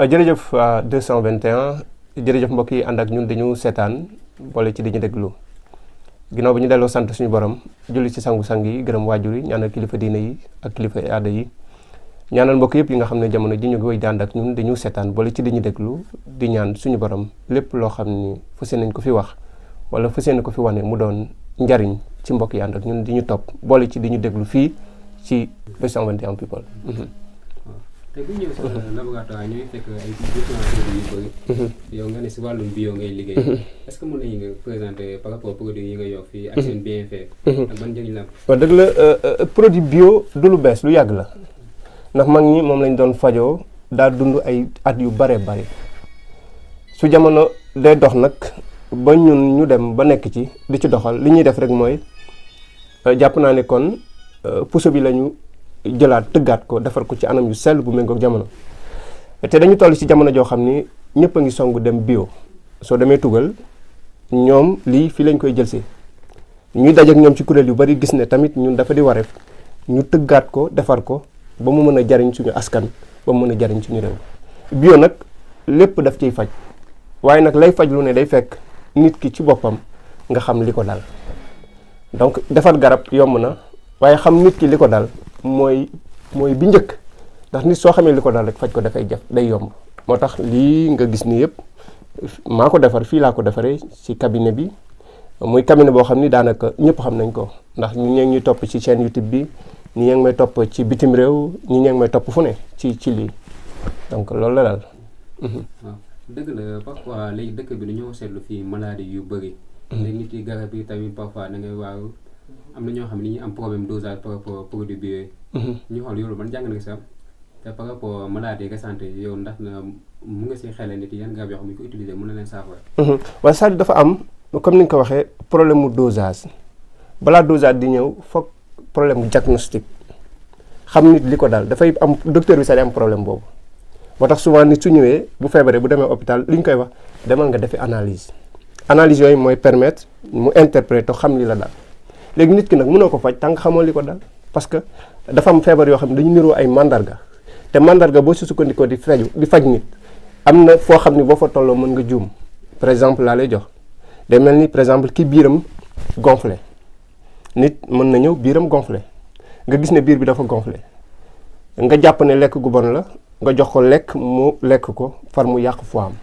Euh, jërëjëf 221 euh, jërëjëf mbokk yi ànd ak ñun dañu seetaan boole ci dañu déglu ginnaaw bi ñu delloo sant suñu borom julli ci sangu-sang yi gërëm waajur yi ñaanal kilifa diine yi ak kilifa aada yi ñaanal mbokk yëpp yi nga xam ne jamono ji ñu ngi wéy ànd ak ñun dañu seetaan boole ci dañu déglu di ñaan suñu borom lépp loo xam ni fas nañ ko fi wax wala fas nañ ko fi wane mu doon njariñ ci mbokk yi ànd ak ñun di ñu topp boole ci di déglu fii ci 221 people. Mhm. te ku yow nga ne liggéey. est que mën nañu nga produit yi nga yor fii. ak seen bienfait. ak produit bio du lu bees lu yàgg la ndax mag ñi moom lañ doon fajoo daa dund ay at yu bare bare su jamono day dox nag ba ñun ñu dem ba nekk ci di ci doxal li ñuy def rek mooy jàpp naa ne kon euh, puso bi lañu. jëlaat tëggaat ko defar ko ci anam yu sell bu méngoog jamono te dañu toll ci jamono joo xam ni ñëpp a ngi songu dem bio soo demee tugal ñoom lii fii lañ koy jël si ñuy daj ñoom ci kuréel yu bari gis ne tamit ñun dafa di wareef ñu tëggaat ko defar ko ba mu mën a jariñ suñu askan ba mu mën a jariñ suñu réew bio nag lépp daf ciy faj waaye nag lay faj lu ne day fekk nit ki ci boppam nga xam li ko daal donc defar garab yomb na waaye xam nit ki li ko dal mooy mooy bi njëkk ndax nit soo xamee li ko daal rek faj ko dafay jaf day yomb moo tax lii nga gis ni yëpp maa ko defar fii laa ko defaree ci cabinet bi muy cabinet boo xam ni daanaka ñëpp xam nañ ko ndax ñi ñeengi ñuy topp ci seen YouTube bi ñi ñeengi may topp ci bitim réew ñi ñeengi may topp fu ne ci ci lii donc loolu la daal. Mhm. dëgg la parfois dëkk bi dañoo seetlu fii maladie yu bëri. Mhm. am na ñoo xam ne ñu am problème dosage par rapport produit man mhm. jàng na si am te par rapport maladie nga santé yow ndax na mu nga siy xelal mhm. dafa am comme ni nga ko waxee problème mu dosage balaa dosage di ñëw foog problème diagnostic xam nit li ko daal dafay am docteur bi sax di am problème boobu. moo tax souvent nit su ñëwee bu feebaree bu demee hôpital li ñu koy wax demal nga defi analyse analyse yooyu mooy permettre mu interpréter xam ni la daal. léegi nit ki nag mënoo ko faj tànk xamoo li ko dal parce que dafa am feebar yoo xam ne dañu niroo ay mandarga te mandarga boo si sukkandikoo di feju di faj nit am na foo xam ne boo fa tolloo mën nga juum par exemple laa lay jox day mel ni par exemple ki biiram gonflé nit mën na ñëw biiram gonflé nga gis ne biir bi dafa gonflé nga jàpp ne lekk gu bon la nga jox ko lekk mu lekk ko far mu yàq foie am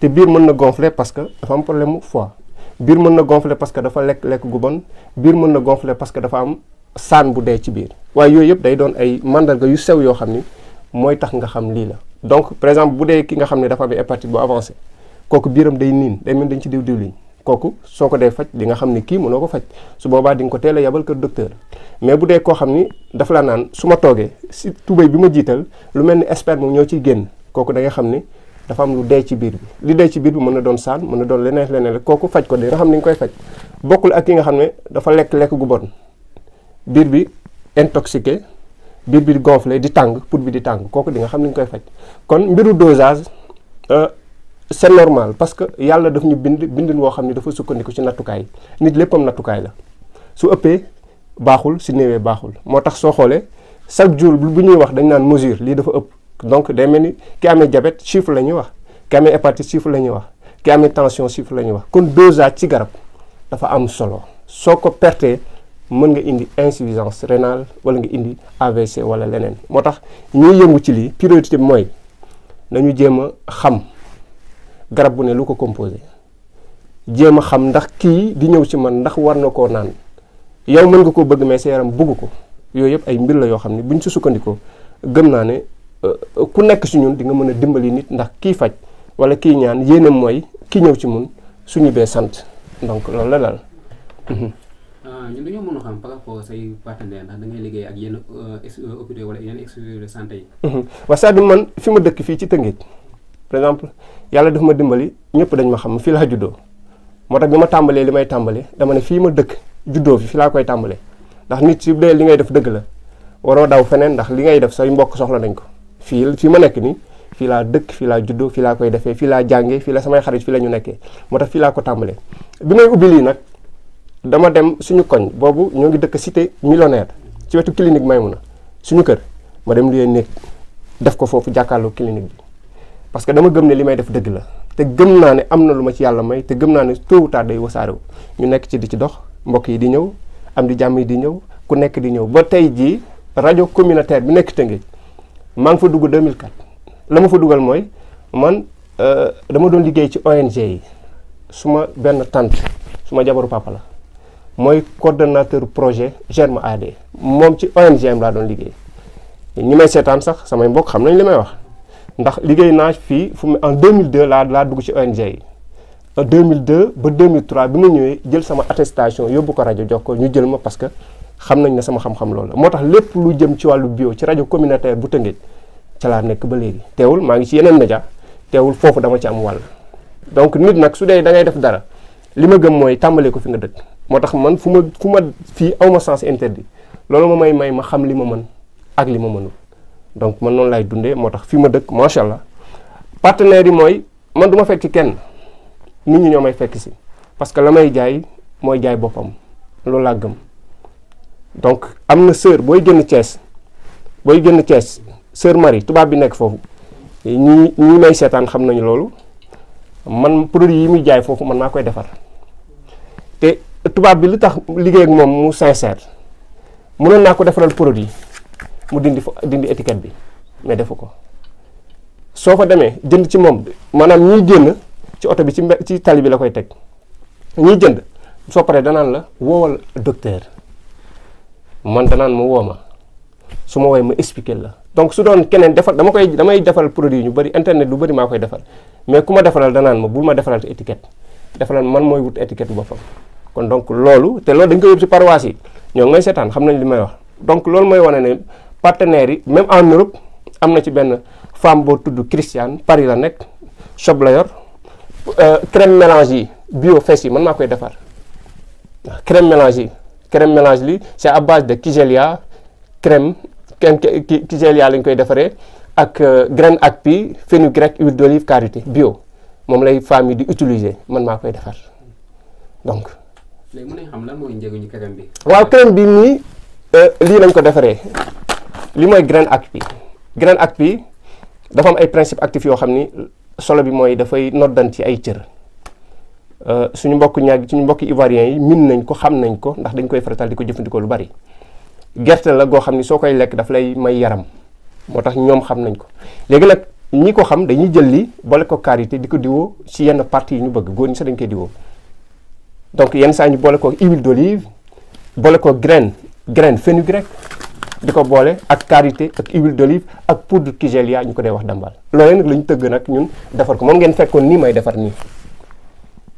te biir mën na gonflé parce que dafa am problème mu foie biir mën na gonfler parce que dafa lekk lekk gu bon biir mën na gonfler parce que dafa am saan bu dee ci biir waaye yooyu yëpp day doon ay mandarga yu sew yoo xam ni mooy tax nga xam lii la donc par exemple bu dee ki nga xam ne dafa am hépatite bu avancé kooku biiram day niin day mel dañ ci diw diwlin kooku soo ko dee faj di nga xam ni kii mënoo ko faj su boobaa di nga ko teel a yabal kër docteur mais bu dee koo xam ni dafa la naan su ma toogee si tubéy bi ma jiital lu mel ni expert moom ñoo ciy génn kooku da nga xam ni dafa am lu dee ci biir bi li dee ci biir bi mën na doon saan mën na doon leneen leneen rek kooku faj ko di nga xam ni nga koy faj bokkul ak ki nga xam ne dafa lekk lekk gu bon biir bi intoxiqué biir bi gonflé di tàng pour bi di tàng kooku di nga xam ni nga koy faj kon mbiru dosage euh, c'est normal parce que yàlla daf ñu bind bindin woo xam ne dafa sukkandiku ci nattukaay nit lépp léppam nattukaay la su ëppee baaxul si néewee baaxul moo tax soo xoolee chaque jour bu ñuy wax dañ naan mesure lii dafa ëpp donc day mel ni ki amee diabète chiffre la ñuy wax ki amee hépatite chiffre la ñuy wax ki amee tension chiffre la ñuy wax kon dosage ci garab dafa am solo soo ko pertee mën nga indi insuffisance rénale wala nga indi AVC wala leneen moo tax ñuy yëngu ci lii priorité bi mooy nañu jéem a xam garab bu ne lu ko composé jéem a xam ndax kii di ñëw ci man ndax war na koo naan yow mën nga koo bëgg mais sa yaram bëgg ko yooyu yëpp ay mbir la yoo xam ne buñ ci sukkandikoo gëm Euh, ku nekk si ñun di nga mën a dimbali nit ndax kii faj wala kii ñaan yéenam mooy kii ñëw ci mun suñu bee sant donc loolu la daal. Mhm. Ah, ñun dañoo mën a xam say partenaire ndax da ngay liggéey ak yenn euh, euh, wala yenn mhm. structures man fi ma dëkk fii ci Tëngéej par exemple yàlla daf ma dimbali ñëpp dañ ma xam fii laa juddoo moo tax bi ma tàmbalee li may tàmbalee dama ne fii ma dëkk juddoo fi fii laa koy tàmbalee ndax nit si dee li ngay def dëgg la waroo daw feneen ndax li ngay def say mbokk soxla nañ ko. fii fii ma nekk nii fii laa dëkk fii laa juddoo fii laa koy defee fii laa jàngee fii la samay xarit fii la ñu nekkee moo tax fii laa ko tàmbalee. bi may ubbi lii nag dama dem suñu koñ boobu ñoo ngi dëkk cité millionnaire ci wetu clinique Maymuna suñu kër ma dem luyee néeg def ko foofu jàkkaarloo clinique bi parce que dama gëm ne li may def dëgg la te gëm naa ne am na lu ma ci yàlla may te gëm naa ne tôt ou tard day wasaarewu ñu nekk ci di ci dox mbokk yi di ñëw am di jàmm yi di ñëw ku nekk di ñëw ba tey jii rajo communautaire bi nekk Tëngéej maa fa dugg 2004 la ma fa dugal mooy man euh, dama doon liggéey ci ONG yi su ma benn tante su ma jabaru papa la mooy coordonnateur projet Germe AD moom ci ONG am laa doon liggéey ñi may seetaan sax samay mbokk xam nañu li may wax ndax liggéey naa fii fu mu en 2002 laa laa dugg ci ONG yi en deux ba deux 2003 bi ma ñëwee jël sama attestation yóbbu ko rajo jox ko ñu jël ma parce que. xam nañ ne sama xam-xam loolu la moo tax lépp lu jëm ci wàllu bio ci rajo communautaire bu Tëngéej ca laa nekk ba léegi teewul maa ngi ci yeneen média teewul foofu dama ci am wàll donc nit nag su dee da ngay def dara li ma gëm mooy tàmbalee ko fi nga dëkk moo tax man fu ma fu ma fii aw ma sens interdit loolu ma may may ma xam li ma mën ak li ma mënul donc mën noonu laay dundee moo tax fi ma dëkk macha allah partenaires yi mooy man du ma fekk kenn nit ñi ñoo may fekk si parce que la may jaay mooy jaay boppam loolu laa gëm. donc am na sœur booy génn Thiès booy génn Thiès sœur Marie tubaab bi nekk foofu ñi ñi may seetaan xam nañu loolu man produit yi muy jaay foofu mën naa koy defar te tubaab bi lu tax liggéey ak moom mu sincère mënoon naa ko defaral produit mu dindi fo dindi étiquette bi mais defu ko soo fa demee jënd ci moom maanaam ñiy génn ci oto bi ci ci tali bi la koy teg ñuy jënd soo paree danaan la woowal docteur. man danaan mu woo ma su ma woowee ma expliquer la donc su doon keneen defar dama koy damay defal produit ñu bari internet lu bëri maa koy defal mais ku ma defaral danaan ma bu ma defaral te étiquette defalal man mooy wut étiquette boppam kon donc loolu te loolu dañ koy yóbbu si paroisse yi ñoo ngi may seetaan xam nañ li may wax donc loolu mooy wane ne partenaires yi même en Europe am na ci benn femme boo tudd Christiane Paris la nekk shop yor euh, crème mélange yi bio fe yi man maa koy defar crème yi crème mélange li c'est à base de kigelia crème kigelia lañ koy defaree ak euh, graine ak pi fenugrec huile d'olive quarité bio moom lay femmes yi di utiliser man maa koy defar donc. léegi xam lan mooy njëguñu bi. waaw crème bi nii euh, lii lañ ko defaree li mooy graine ak pi graine ak bi dafa am ay principe actif yoo xam ni solo bi mooy dafay noddan ci ay cër. Euh, suñu mbokk ñaag suñu mbokk ivoiriens yi min nañ ko xam nañ ko ndax dañ koy faratal di ko jëfandikoo lu bari gerte la goo xam ni soo koy lekk daf lay may yaram moo tax ñoom xam nañ ko léegi nag ñi ko xam dañuy jël li boole ko karité di ko diwoo ci yenn parties yi ñu bëgg góor ñu sax dañ koy diwoo donc yenn saa ñu boole ko huile d'olive boole ko graine graine fenugrec di ko boole ak karité ak huile d'olive ak poudre kigelia ñu ko dee wax dambal loolee nag la ñu tëgg nag ñun defar ko moom ngeen fekkoon nii may defar nii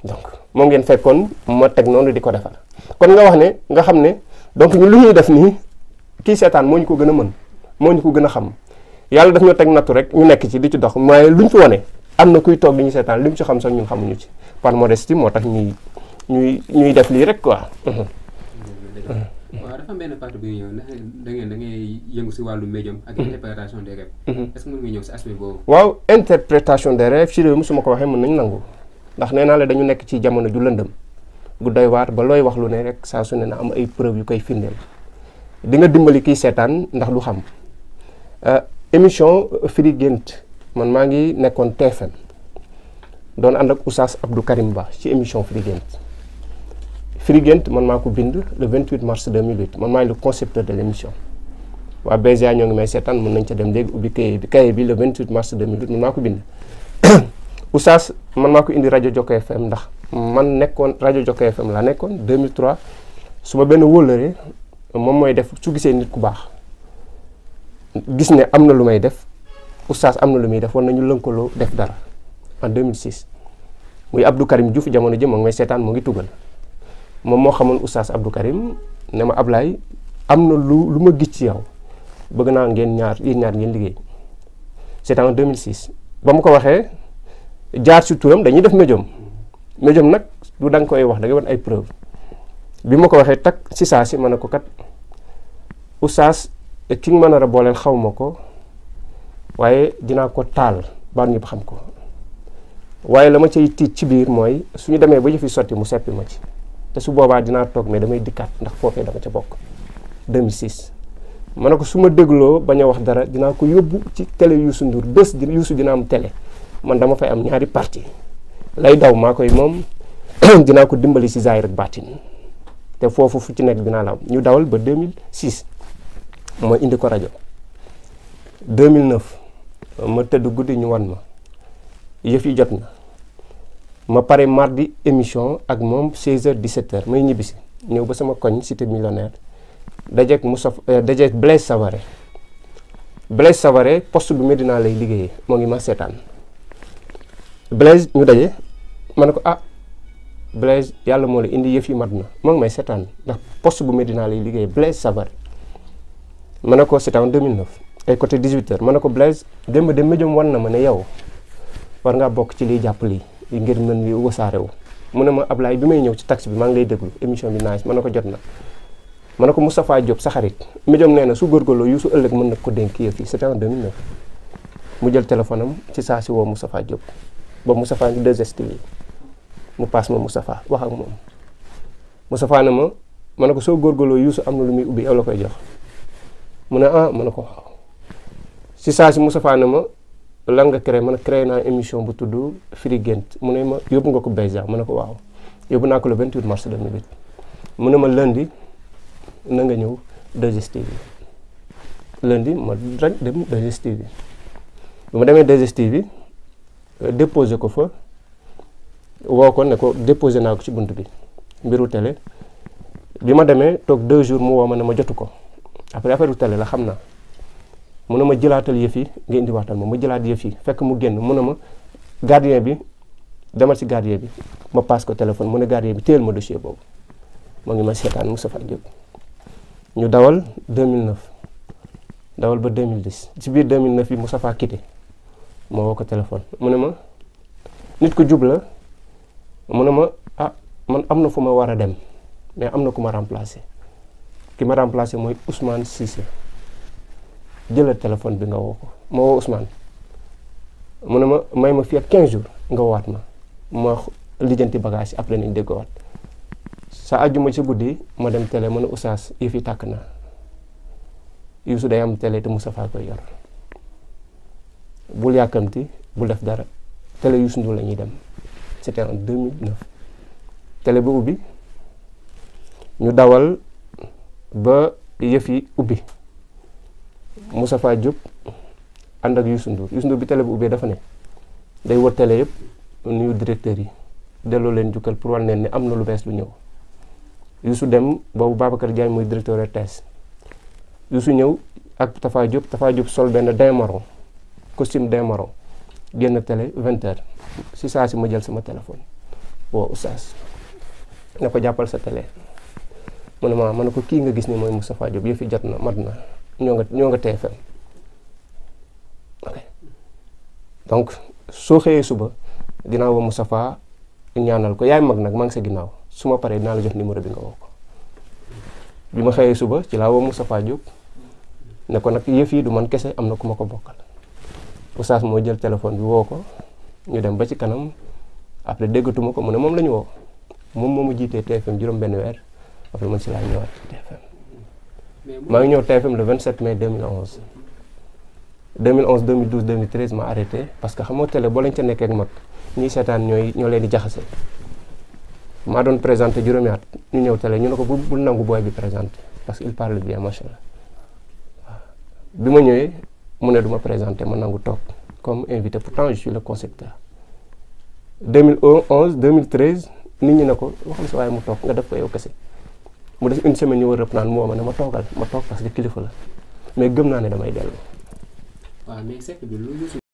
donc moo ngeen fekkoon ma teg noonu di ko defar kon nga wax ne nga xam ne donc lu ñuy def nii kii seetaan moo ñu ko gën a mën moo ñu ko gën a xam yàlla daf ñoo teg nattu rek ñu nekk ci di ci dox waaye luñ ci wane am na kuy toog ñu seetaan li mu ci xam sax ñun xamuñu ci par modestie moo tax ñuy ñuy ñuy def lii rek quoi. Mhm. Mhm. waaw dafa am benn partie bu ñëw ndax da ngeen da ngay si wàllu médium ak mhm. interprétation des rêves. est-ce que mën nga ñëw si aspect boobu. waaw interprétation des rêves ci su ma ko waxee mën nañ nangu. ndax nee naa la dañu nekk ci jamono ju lëndëm gu doy waar ba looy wax lu ne rek saa su ne na am ay preuve yu koy firndeel di nga dimbali kiy seetaan ndax du xam euh, émission firi gént man maa ngi nekkoon TFM doon ànd ak Oustaz Abdou Karim Ba ci émission firi gént firi gént man maa ko bind le 28 mars 2008 man maay le concepteur de l' émission waa BGA ñoo ngi may seetaan mën nañ ca dem léegi ubbi cahier bi cahier bi le 28 mars man maa ko bind Oustaz man maa ko indi rajo Jokko FM ndax man nekkoon rajo Jokko FM la nekkoon 2003 su ma benn wóllëre moom mooy def su gisee nit ku baax gis ne am na lu may def Oustaz am na lu muy def war nañu lënkaloo def dara en 2006 muy Abdou Karim Diouf jamono ji moom mooy seetaan mu ngi tugal moom moo xamoon Oustaz Abdou ne ma Ablaye am na lu lu ma gis ci yow bëgg naa ngeen ñaar ngeen liggéey c'est en 2006 ba mu ko waxee. jaar si turam dañuy def mejom médium nag du da nga koy wax da ngay ay preuve bi ma ko waxee takk si saa si ma ne ko kat oustaz ki nga mën a booleel xaw ma ko waaye dinaa ko taal ba ñëpp xam ko waaye la ma cay tiit ci biir mooy su ñu demee ba yëf yi sotti mu seppi ma ci te su boobaa dinaa toog mais damay dikkaat ndax foofee dama ca bokk 2006. ma ne ko su ma dégloo bañ a wax dara dinaa ko yóbbu ci tele Youssou Ndour bés di Youssou dina am télé. man dama fay am ñaari parti lay daw maa koy moom dinaa ko dimbali si zaahir ak baatin te foofu fu ci nekk dinaa la am ñu dawal ba 2006 ma indi ko rajo 2009 ma tëdd guddi ñu wan ma yëf yi jot na ma pare mardi émission ak moom 16h di h may ñibbisi ñëw ba sama koñ si cité millionnaire dajeeg Moussa euh, dajeeg Blaise Savaret Blaise Savaret poste bu Medina lay liggéeyee moo ngi ma seetaan. Blaise ñu daje ma ne ko ah Blaise yàlla moo la indi yëf yi mat na moo may setaan ndax post bu Medina lay liggéey Blaise sabar ma ne ko c'était en 2009 ay côté 18 heures ma ne ko Blaise démb dem méjom wan ma ne yow war ngaa bokk ci liy jàpp lii ngir mën wi wasaare wu mu ne ma Ablaye bi may ñëw ci taxi bi maa ngi lay déglu émission bi naaj ma ko jot na ma ne ko Moustapha Diop sa xarit méjom nee na su góorgóorloo yu su ëllëg mën na ko dénk yëf yi c'était en 2009 mu jël téléphone am ci saa si woo Moustapha Diop ba Moustapha di 2STV mu paas ma Moustapha wax ak moom Moustapha ne ma ma ne ko soo góorgóorloo Youssou am na lu muy ubbi yow la koy jox mu ne ah ma ne ko waaw si saa si Moustapha ne ma lan nga créé ma ne créé naa émission bu tudd Firi Gént mu ne ma yóbbu nga ko Beyza ma ne ko waaw yóbbu naa ko le 28 mars mu ne ma lundi na nga ñëw 2STV lundi ma dem 2STV bi ma demee 2STV Euh, déposé ko fa woo ko ne ko déposé naa ko si bunt bi mbiru télé bi ma demee toog deux jours mu woo ma ne ma jotu ko après affaire xam naa mu ne ma jëlaatal yëf yi nga indi waxtaan ma ma jëlaat yëf yi fekk mu génn mun a ma gardien bi demal si gardien bi ma paas ko téléphone mu ne gardien bi téyel ma dossier boobu mu ngi ma seetaan Moustapha Diop ñu dawal 2009 dawal ba 2010 ci biir 2009 bi Moustapha quitté ma woo ko téléphone mu ne ma nit ku jub la mu ne ma ah man am na fu ma war a dem mais am na ku ma remplacer ki ma remplacer mooy Ousmane Cissé jëlal téléphone bi nga woo ko ma woo Ousmane mu ne ma may ma fi ak 15 jours nga waat ma ma lijjanti bagage après nañ déggowaat sa àjjuma si guddi ma dem télé ma ne Oustaz yëf yi tàkk na Youssou day am télé te Moustapha koy yor. bul yàkkamti bu def dara télé Youssou Ndour lañuy dem c'était en 2009 télé ba ubbi ñu dawal ba yëf yi ubbi Moustapha Diop ànd ak Youssou Ndour Youssou Ndour bi télé bu ubbee dafa ne day wër tele yëpp nuyu directeur yi delloo leen jukkal pour wan leen ni am na lu bees lu ñëw Youssou dem boobu Babacar Diagne mooy directeur RTS Youssou ñëw ak Tafa Diop Tafa Diop sol benn daim marron costume de moro génn télé vingt heures si saa si ma jël sama téléphone woo Oustaz na ko jàppal sa télé mu ne ma man ne ko kii nga gis ni mooy Moustapha Diop yëf jot na mat na ñoo ñoo nga TFM ok donc soo xëyee suba dinaa woo Moustapha ñaanal ko yaay mag nag maa ngi sa ginnaaw su ma paree dinaa la jox numéro bi nga woo ko bi ma xëyee suba ci laa woo Moustapha Diop ne ko nag yëf yi du man kese am na ku ma ko bokkal oustaz moo jël téléphone bi woo ko ñu dem ba ci kanam après déggatuma ko mun ne moom la ñu woo moom moom mu jiitee TFM juróom-benn weer après man si laa ñëwaat TFM. maa ngi ñëw TFM le 27 mai 2011. 2011 2012 2013 ma arrêté parce que xam nga télé boo lañ ca nekkee ak mag ñiy seetaan ñooy ñoo leen di jaxase. maa doon présenter juróom at ñu ñëw télé ñu ne ko bu bul nangu booy bi présenté parce que il parle bien macha allah bi ma ñëwee mu ne du ma présenter ma nangu toog comme invité pourtant je suis le concepteur 2011 2013 nit ñi ne ko waxam si waaye mu toog nga def ko yow kese mu def une semaine ñu war reprendre moo ma ne ma toogal ma toog parce que kilifa la mais gëm naa ne damay dellu. waaw